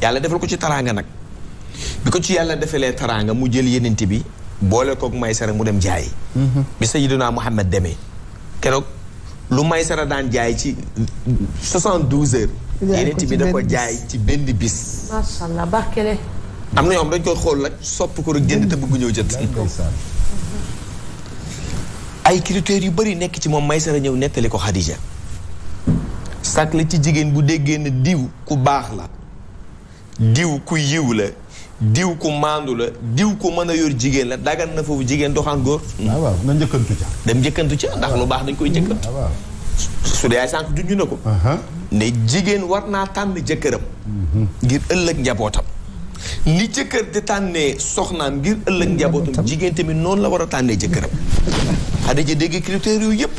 yàlla defal ko ci taraanga nag bi ko ci yàlla defalee taraanga mu jël yenente bi boole kook maysara mu dem jaay mhm. bi sayyiduna Muhammad demee keroog lu maysara daan jaay ci soixante-douze heures yenente bi da ko jaay ci benn bis macha allah am na ñoom dañ ko xool nag sopp ko rek jënd te bëggu ñëw jët ay critères yu bari nekk ci moom maysara ñëw nettali ko Xadija sàkk la ci jigéen bu déggee ne diw ku baax la diw ku yiw la diw ku maandu la diw ku mën a yor jigéen la dagan na foofu jigéen doxaan góor. waaw ah, waaw nga njëkkantu ca. dem njëkkantu ca ndax lu baax dañ koy njëkkantu. Ah, su dee ay sànq duñu na ko. ne jigéen war naa tànn jëkkëram. Mhm. ngir ëllëg njabootam. ni jëkkër di tànnee soxnaam ngir ëllëg njabootam jigéen tamit noonu la war a tànnee jëkkëram. xanaa dañuy dégg critères yooyu yëpp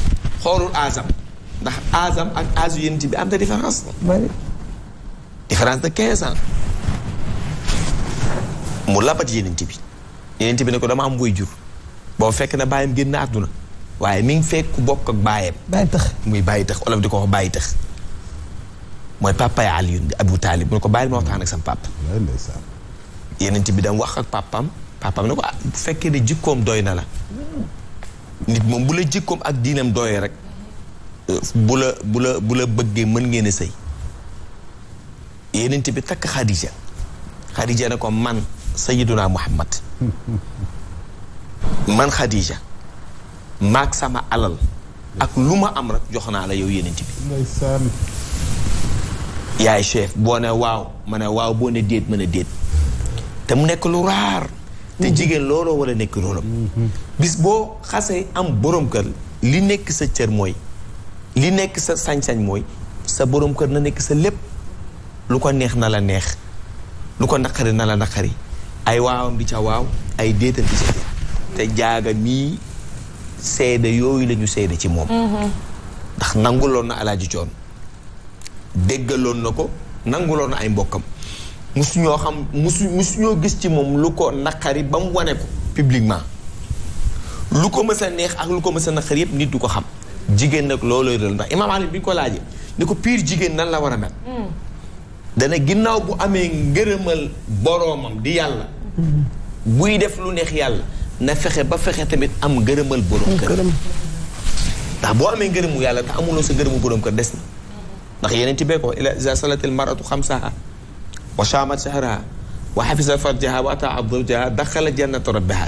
xoolul aasam ndax aasam ak aasu yéen bi am na différence. différence de ans. mu labat yenent bi yenent bi ne ko dama am way jur boo fekk na bàyyam génn àdduna waaye mi ngi fekk bokk ak bàyyam bàyyi tax muy bàyyi tax olof di ko wax bàyyi tax mooy papa ya Alioune bi Abu Taalib mu ne ko bàyyi ma waxtaan ak sam papa bi dam wax ak papam papam ne ko ah, bu fekkee ne jikkoom doy na la nit moom bu la jikkoom ak diinam doyee rek bu la bu la bëggee mën ngeen a sëy yenent bi takk Xadija Xadija ne ko man sayiduna muhammad man Khadija maak sama alal ak lu ma am rek jox naa la yow yenent bi yaay chef boo ne waaw ma ne waaw boo ne déet ma ne déet te mu nekk lu raar te jigéen looloo war a nekk rôlam bis boo xasee am boroom kër li nekk sa cër mooy li nekk sa sañ-sañ mooy sa boroom kër na nekk sa lépp lu ko neex na la neex lu ko naqari na la naqari ay waawam di ca waaw ay déetam di ca te jaaga mii seede yooyu lañu seede ci moom mm-hmm. ndax nanguloon na alaaji coon déggaloon na ko nanguloon na ay mbokkam musuñoo xam musu musuñoo gis ci moom lu ko naqari ba mu wane ko publiquement lu ko mës a neex ak lu ko mës a naqari yépp nit du ko xam jigéen nag loolooy rël ndax imaam Ali bi ñu ko laajee ni ko piir jigéen nan la war a mel mm. dana ginnaaw bu amee ngërëmal boroomam di yàlla buy def lu neex yàlla na fexe ba fexe tamit am ngërëmal boroom kër ndax boo amee ngërëmu yàlla te amuloo sa ngërëmu boroom kër des na ndax yeneen ci beeko ila iza salatil maratu xamsaha wa shaamat shahraha wa xafisa farjaha wa ataa abdurjaha daxala jannata rabbiha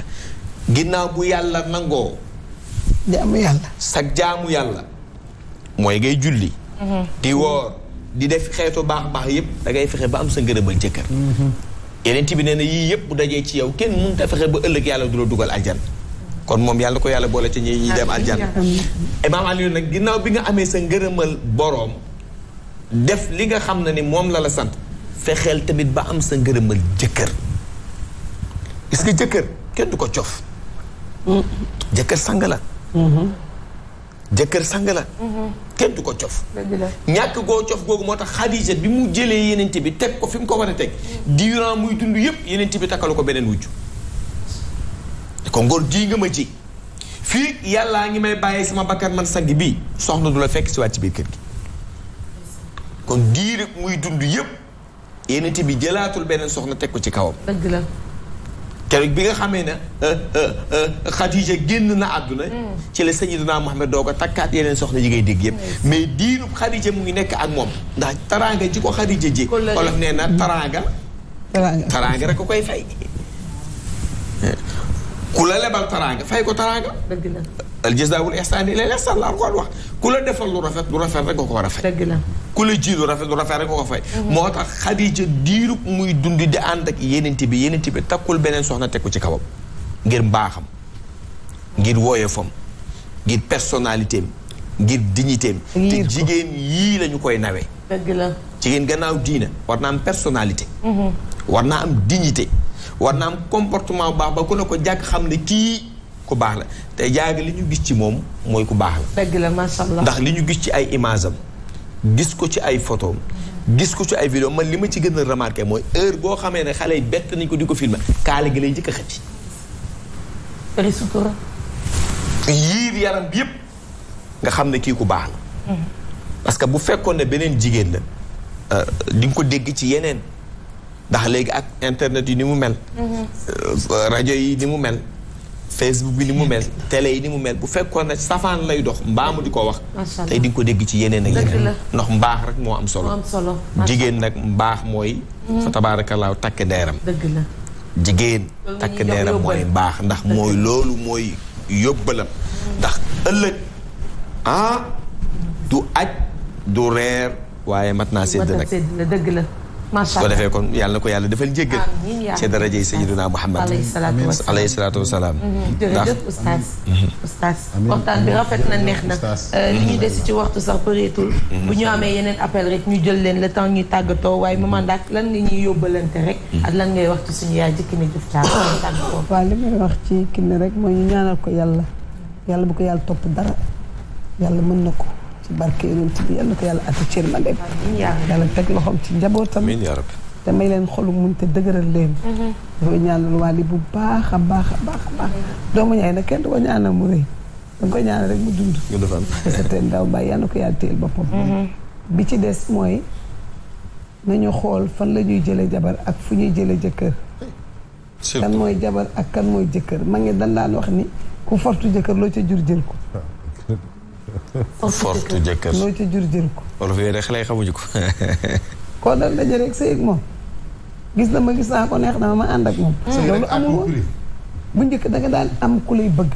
ginnaaw bu yàlla nangoo jaamu yàlla sag jaamu yàlla mooy ngay julli mhm. di di def xeetu baax baax yëpp da fexe ba am sa ngërëmal jëkkër mhm. yeneen bi nee na yii yëpp bu dajee ci yow kenn mënut a fexe ba ëllëg yàlla du la dugal aljan kon moom yàlla ko yàlla boole ci ñi ñuy dem aljan imaam Aliou nag ginnaaw bi nga amee sa ngërëmal boroom def li nga xam na ni moom la la sant fexeel tamit ba am sa ngërëmal jëkkër est-ce que jëkkër kenn du ko cof mm. jëkkër sang la mhm. jëkkër sang la mhm. kenn du ko cof ñàkk goo cof googu moo tax Xadija bi mu jëlee yenente bi teg ko fi mu ko war a teg mhm. durant muy dund yépp yenente bi takkalu ko beneen wujj ko ngor ji nga ma ji fii yàllaa ngi may bàyyi sama bakkan man sang bii soxna du la fekk si waat ci biir kër gi kon diir muy dund yépp yenente bi jëlaatul beneen soxna teg ko ci kawam keroog bi nga xamee ne Xadija euh, euh, euh, génn na àdduna mm. ci la Sayyidina Muhammad doo ko takkaat yeneen soxla yi ngay dégg yëpp mais diinu Xadija mu ngi nekk ak moom ndax taraanga ji ko Xadija ji olof nee na mm. taraanga taraanga rek ko koy fay eh. ku la lebal taraanga fay ko taraanga al jazaa'ul ihsaan illa al-ihsaan la Alxuraan wax ku la defal lu rafet lu rafet rek nga ko war a fay. dëgg la ku la ji lu rafet lu rafet rek nga ko fay. Mhm. moo tax Xadiija diirub muy dund di ànd ak yenent bi yenent bi takkul beneen soxna teg ko ci kawam. ngir mbaaxam ngir woyofam ngir personnalité am ngir dignité am. te jigéen yii lañu koy nawee. dëgg la jigéen gannaaw diina. war naa am personnalité. Mhm. war naa am dignité. war naa am comportement baax ba ku ne ko jàkk xam ku baax la te jaaga li ñu gis ci moom mooy ku baax la. dëgg la macha ndax li ñu gis ci ay image am gis ko ci ay photos gis ko ci ay vidéo man li ma ci gën a remarqué mooy heure boo xamee ne xale yi bett nañ ko di ko filmer kaale gi lay njëkk a xëcc. bëri sutura. yiir yaram bi yëpp nga xam ne kii ku baax la. Mm-hmm. parce bu fekkoon ne beneen jigéen la. Euh, di nga ko dégg ci yeneen ndax léegi ak internet yi ni mu mel. Mm-hmm. Euh, rajo yi ni mu mel. Facebook bi ni mu mel télé yi ni mu mel bu fekkoon ne safaan lay dox mbaamu di ko wax tey di nga ko dégg ci yeneen ak yeneen ndax mbaax rek moo am solo jigéen nag mbaax mooy mm-hmm. fa tabaarakallaahu takk ndeeram jigéen takk ndeeram mooy mbaax ndax mooy loolu mooy yóbbalam mm-hmm. ndax ëllëg ah du aj du reer waaye mat naa sedd nag dëgg la macha allah su ko kon yàlla ko yàlla defal jéggal. amiin ci daraja yi sayyidina Muhammad. alayhi salaatu wa salaam. Mm-hmm. jërëjëf oustaz. Mm-hmm. oustaz waxtaan bi rafet na neex na. Euh, li ñu des ci waxtu sax bëreetul. Mm-hmm. bu ñu amee yeneen appel rek ñu jël leen le temps ñuy tàggatoo waaye maman Ndak lan nga ñu yóbbalante rek. ak lan ngay wax ci suñu yaay jikki na jëf caa tàggatoo. waaw li may kinne rek mooy ñu ñaanal ko yàlla yàlla bu ko yàlla topp dara yàlla mën na ko. ci barke yonent bi yal ko yàlla ati cër ma dem yàlla teg loxoom ci njabootam te may leen xolu muñ te dëgëral leen mhm. dafay ñaanal waali bu baax a baax a baax a baax doomu ñaay nag kenn du ñaanal mu rëy da nga koy ñaanal rek mu dund certain ndaw bàyyi yal na ko yàlla téel boppam mhm. bi ci des mooy nañu xool fan la ñuy jële jabar ak fu ñuy jële jëkkër kan mooy jabar ak kan mooy jëkkër ma ngi dan daan wax ni ku fortu jëkkër loo ca jur jël ko ah, fortu jëkkër loo ci jur jël ko. olof yooyu de xale yi ko. koo dal daje rek sëy ak moom gis na ma gis naa ko neex na ma ànd ak moom. loolu bu njëkk da nga daan am ku lay bëgg.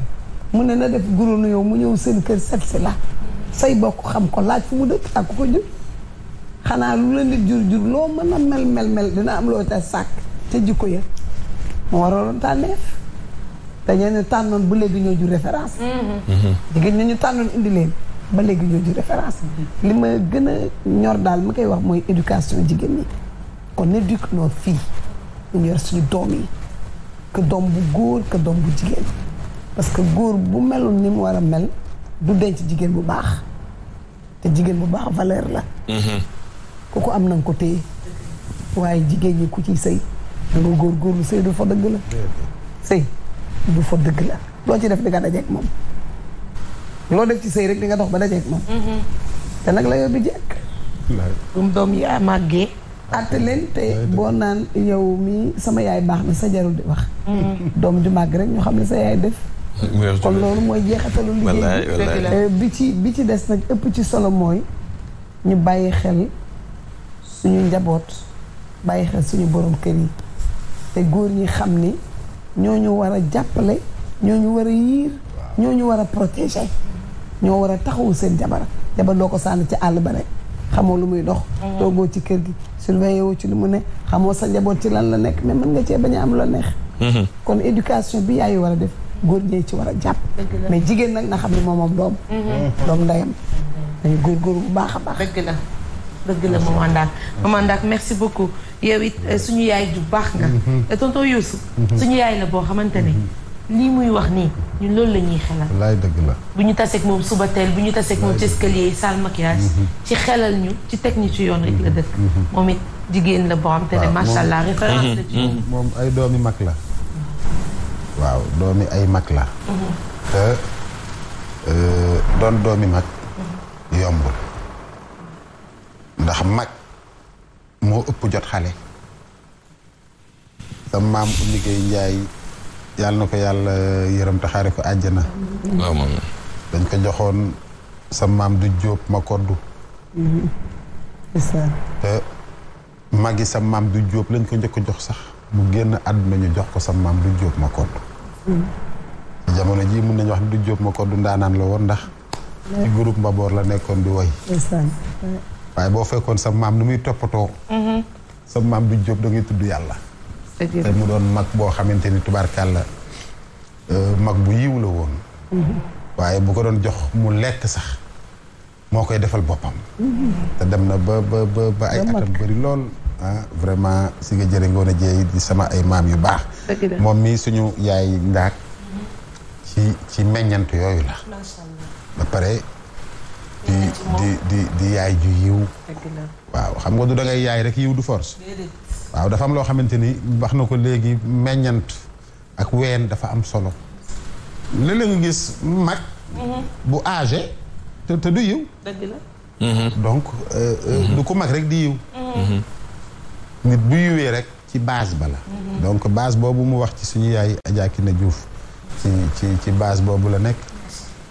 mu ne na def guru yow mu ñëw seen kër set si la say bokk xam ko laaj fu mu dëkk ak ku ko jur. xanaa lu la nit jur jur loo mën a mel mel mel dina am loo ca sàkk ca jikko ya mu waroon tànneef dañu tànnoon bu léegi ñoo jur référence. Mm-hmm. jigéen ñu tànnoon indi leen. ba léegi ñoo di référence li ma gën a ñor daal ma koy wax mooy éducation jigéen ñi kon éduque nos filles ñu yor doom yi que doom bu góor que doom bu jigéen parce que góor bu melul ni mu war a mel du denc jigéen bu baax te jigéen bu baax valeur la kooku mm-hmm. am na nga ko téye waaye jigéen ñi ku ciy sëy da góor góor góorlu sëy du fa dëgg la sëy du fa dëgg la loo ci def di a dajeeg moom loo def ci sëy rek di nga dox ba dajeeg moom. Mm-hmm. te nag la yow bi jekk. dum doom yaa màggee. atte leen te boo naan yow mi sama yaay baax na sa jarul di wax. Mm-hmm. doom ju màgg rek ñu xam ne sa yaay def. kon loolu mooy jeexatalu liggéey eh, bi ci bi ci des nag ëpp ci solo mooy ñu bàyyi xel suñu njaboot bàyyi xel suñu boroom kër yi te góor ñi xam ni ñooñu war a jàppale ñooñu war a yiir ñooñu war a protéger ñoo war a taxawu seen jabar jabar doo ko sànni ci àll ba rek xamoo lu muy dox mm. toogoo ci kër gi surveillé woo ci lu mu ne xamoo sa njaboot ci lan la nekk mais mën nga cee bañ am la neex mm-hmm. kon éducation bi yaay war a def góor ñee ci war a jàpp mais jigéen nag na xam ne moom moom doom mm-hmm. doom ndeyam dañu góorgóor bu baax a baax dëgg la dëgg la maman Ndak maman merci beaucoup yow it eh, suñu yaay ju baax nga mm-hmm. eh, tonton Youssou suñu yaay la boo xamante ni lii muy wax nii ñun loolu la ñuy xelal. laay dëgg la. bu ñu taseeg moom suba teel bu ñu taseeg moom ci escalier salle maquillage. Mm-hmm. ci xelal ñu ci teg ñu ci yoon rek la dëkk. Mm-hmm. moom it jigéen la boo xam te ne macha allah référence la ci mm-hmm. moom ay doomi mag la. waaw doomi ay mag la. te euh, doon doomi mag. yombul. ndax mag moo ëpp jot xale. sa maam Oumy njaay yàlla na ko yàlla yërëm taxaare ko àjjana dañ ko joxoon sa maam du jóob ma koddu te sam maam du jóob lañ ko njëkk jox sax mu génn àdduna ñu jox ko sa maam du jóob ma koddu mm. jamono jii mun nañu wax du jóob ma koddu ndaanaan la woon ndax ci groupe mbaboor la nekkoon di woy waaye boo fekkoon sa maam nu muy toppatoo mm-hmm. sa maam du jóob da ngay tudd yàlla te mu doon mag boo xamante ni tubaarkàlla euh, mag bu yiw la woon mm-hmm. waaye bu ko doon jox mu lekk sax moo koy defal boppam mm-hmm. te dem na ba ba ba ay atam bëri lool ah vraiment si nga jëre ngoon a jeey di sama ay maam yu baax moom mii suñu yaay ndaak ci ci meññant yooyu la ba pare di di di di yaay ju yiw waaw xam nga du dangay yaay rek yiw du force waaw dafa am loo xamante ni wax na ko léegi meññant ak ween dafa am solo léeg-léeg gis mag mhm. bu age te te du yiw mhm. donc euh, euh, mhm. du ko mag rek di yiw nit bu yiwee rek ci base bala donc base boobu mu wax ci suñu yaay Adja Kine Diouf ci ci ci boobu la nekk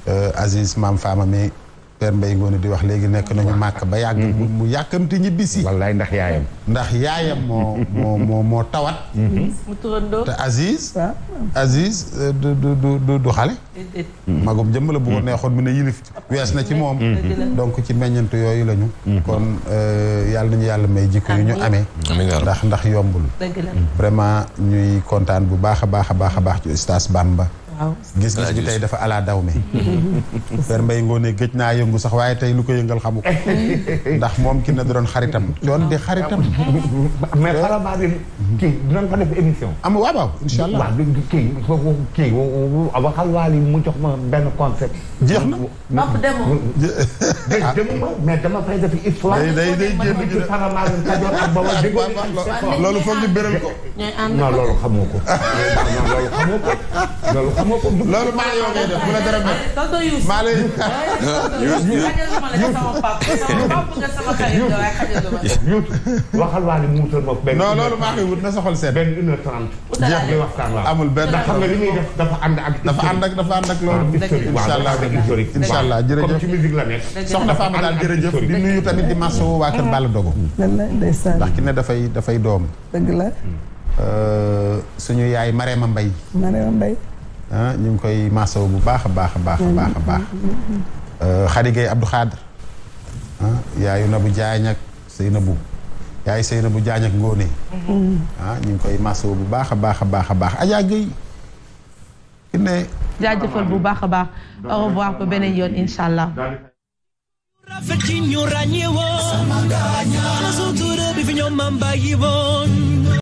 euh, Aziz maam Fama mi Père Mbaye Ngoné di wax léegi nekk nañu màkk ba yàgg. Mm-hmm. mu yàkkamti ñibbisi. wallaay ndax yaayam. ndax yaayam moo moo moo moo tawat. Mm-hmm. mu turandoo te Aziz. Aziz euh, du du du du xale. Mm-hmm. magum jëmm la bu neexoon mu ne yilif wees na ci moom. donc ci meññantu yooyu lañu. kon euh, yàlla nañu yàlla may jikko yu ñu amee. ndax ndax yombul. vraiment ñuy kontaan bu baax a baax a baax a baax ci Oustaz Bamba. gis-gis bi tey dafa ala daw me per mbay ngoone géej naa yëngu sax waaye tey lu ko yëngal xamu ko ndax moom na doon xaritam doon di ah. xaritam mais xalaba bi kii dinañ ko def émission am ah, waaw waaw insha allah waaw kii foofu kii waxal waal yi mu jox ma benn concept jeex na pap demoo dema mais dama fay def histoire day day génn ci ko loolu maa yow ngay def bu la dara mel. maa na waxtaan waaw amul benn. dafa ànd ak. dafa ànd ak dafa ànd ak loolu. incha allah incha allah jërëjëf comme ci musique a nekk. soxna Fama daal jërëjëf di nuyu tamit di masawu waa kër Balla Dogo. ndax ki ne dafay dafay doom. dëgg la. Euh, suñu yaay Marème Mbaye. Marème Mbaye. ah ñu ngi koy maasaw bu baax a baax a baax a baax a baax xarigay euh, Abdou Khadr ah yaayu na bu jaañ ak sëy na bu yaay sëy na bu jaañ ak ngóone ah ñu ngi koy maasaw bu baax a baax a baax a baax a Gueye ki ne bu baax a baax au revoir ba